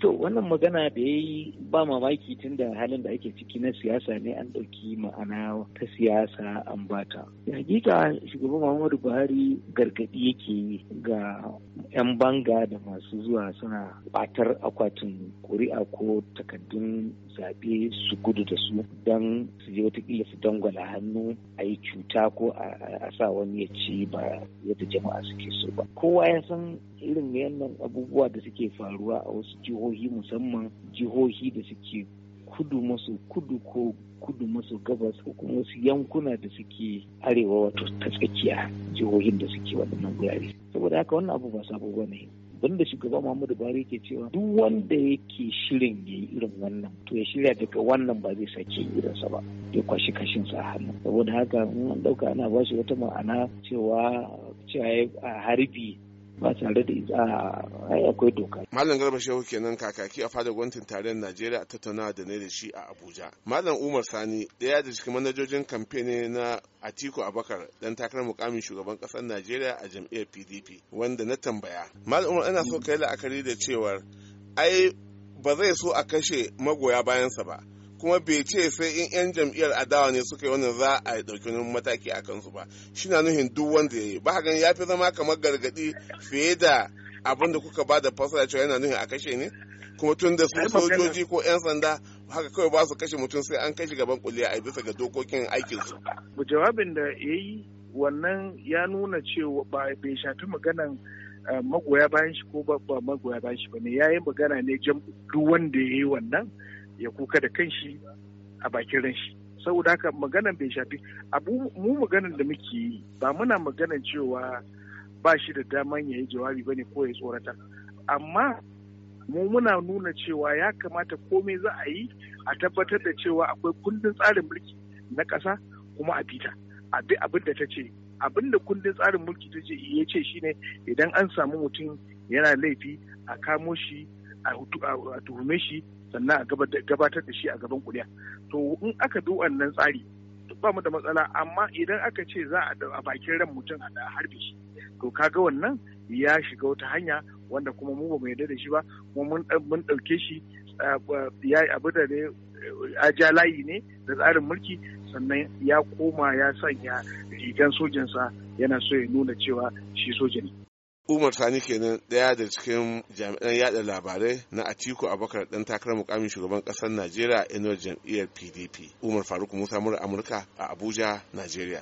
To wannan magana da ya yi ba mamaki tun da halin da ake ciki na siyasa ne an ɗauki ma'ana ta siyasa an bata. Hakika shugaban Muhammadu Buhari gargaɗi yake ga 'yan banga da masu zuwa suna ɓatar akwatin ƙuri'a ko takardun zaɓe su gudu da su don su je watakila su dangwala hannu a yi cuta ko a sa wani ya ci ba yadda jama'a suke so ba. Kowa ya san irin yannan abubuwa da suke faruwa a wasu jihohi musamman jihohi da suke kudu maso kudu ko kudu maso gabas ko kuma wasu yankuna da suke arewa wato ta tsakiya jihohin da suke waɗannan gurare saboda haka wannan abu ba sabo ba ne banda shugaba Muhammadu Buhari ke cewa duk wanda yake shirin ya yi irin wannan to ya shirya daga wannan ba zai sake irinsa ba ya kwashi kashin sa hannu saboda haka in an dauka ana ba wata ma'ana cewa cewa a harbi ba tare da akwai doka. Malam Garba Shehu kenan kakaki a fadar gwamnatin tarayyar Najeriya a tattaunawa da ne da shi a Abuja. Malam Umar Sani ɗaya da cikin manajojin kamfe na Atiku Abakar dan takarar mukamin shugaban ƙasar Najeriya a jam'iyyar PDP wanda na tambaya. Malam Umar ana so kai la'akari da cewar ai ba zai so a kashe magoya bayansa ba. kuma bai ce sai in 'yan jam'iyyar adawa ne suka yi wannan za a ɗauki wani mataki a kansu ba shi na nuhin duk wanda ya yi ba ya fi zama kamar gargadi fiye da abin da kuka ba da fasara cewa yana nuhin a kashe ne kuma tun da su sojoji ko 'yan sanda haka kawai ba su kashe mutum sai an kashe gaban kuliya a bisa ga dokokin aikin aikinsu. jawabin da ya yi wannan ya nuna cewa ba bai shafi maganan eh, magoya bayan shi ko ba magoya bayan shi ba ne ya yi magana ne duk wanda ya yi wannan ya kuka da kanshi a bakin ranshi saboda haka maganan bai shafi abu mu maganan da muke yi ba muna maganan cewa ba shi da daman ya yi jawabi bane ko ya tsorata amma mu muna nuna cewa ya kamata komai za a yi a tabbatar da cewa akwai kundin tsarin mulki na ƙasa kuma a bita abi abin da ta ce abin da kundin tsarin mulki ta ce ya ce shine idan an samu mutum yana laifi a kamo shi a tuhume shi sannan a gabatar da shi a gaban kuliya to in aka bi wannan tsari ba mu da matsala amma idan aka ce za a bakin ran mutum a harbe shi to kaga wannan ya shiga wata hanya wanda kuma mu ba mu yarda da shi ba kuma mun ɗauke shi ya abu da ne ja layi ne da tsarin mulki sannan ya koma ya sanya rigan sojansa yana so ya nuna cewa shi soja ne. Umar Sani kenan daya da cikin jami'an yada labarai na Atiku Abubakar dan takarar mukamin shugaban kasar Najeriya inuwar jam'iyyar PDP. Umar Faruk Musa mura Amurka a Abuja, Najeriya.